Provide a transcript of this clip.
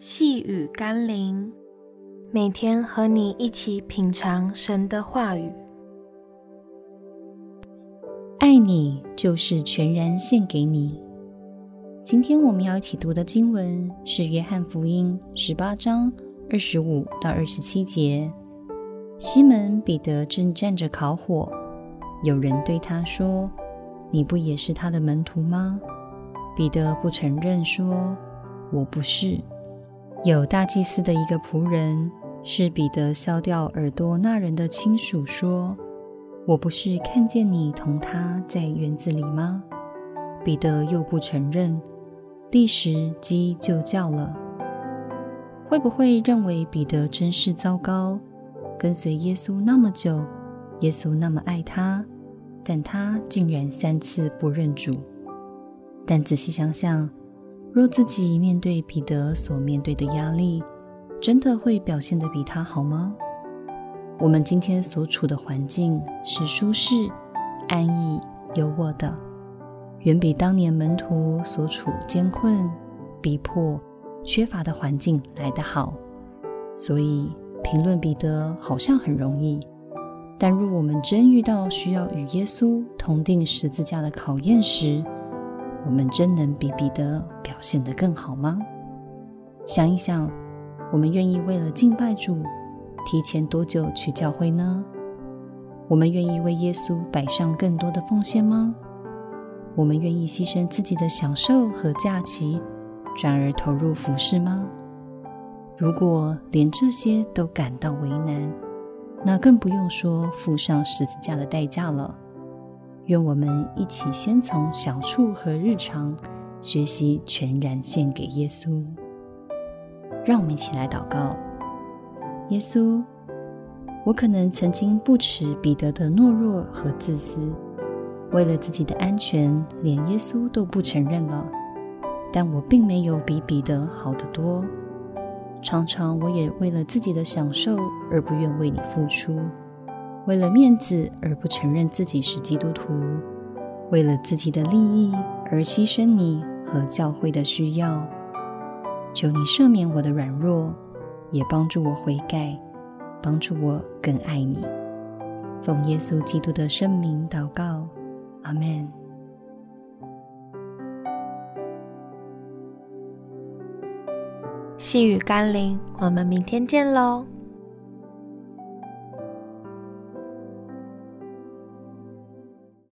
細語甘霖，每天和你一起品嘗神的話語。愛祢就是全然獻給祢。今天我們要一起讀的經文是《約翰福音》十八章二十五到二十七節。西門彼得正站着烤火，有人對他說：“你不也是他的門徒嗎？”彼得不承認，說：“我不是。”有大祭司的一個僕人是彼得削掉耳朵那人的親屬，說：“我不是看見你同他在園子裡嗎？”彼得又不承認。立時雞就叫了。會不會認為彼得真是糟糕？跟隨耶穌那麼久，耶穌那麼愛他，但他竟然三次不認主？但仔細想想。若自己面對彼得所面對的壓力，真的會表現得比他好嗎？我們今天所處的環境是舒適、安逸、優渥的，遠比當年門徒所處艱困、逼迫、缺乏的環境來得好。所以評論彼得好像很容易，但若我們真遇到需要與耶穌同釘十字架的考驗時，我們真能比彼得表現得更好嗎？想一想，我們願意為了敬拜主，提前多久去教會呢？我們願意為耶穌擺上更多的奉獻嗎？我們願意犧牲自己的享受和假期，轉而投入服事嗎？如果連這些都感到為難，那更不用說付上十字架的代價了。願我們一起先從小處和日常，學習全然獻給耶穌。讓我們一起來禱告：耶穌，我可能曾經不恥彼得的懦弱和自私，為了自己的安全，連耶穌都不承認了。但我並沒有比彼得好得多。常常我也為了自己的享受而不願為你付出，為了面子而不承認自己是基督徒，為了自己的利益而犧牲你和教會的需要，求你赦免我的軟弱，也幫助我悔改，幫助我更愛你。奉耶穌基督的聖名禱告，阿門。細語甘霖，我們明天見嘍。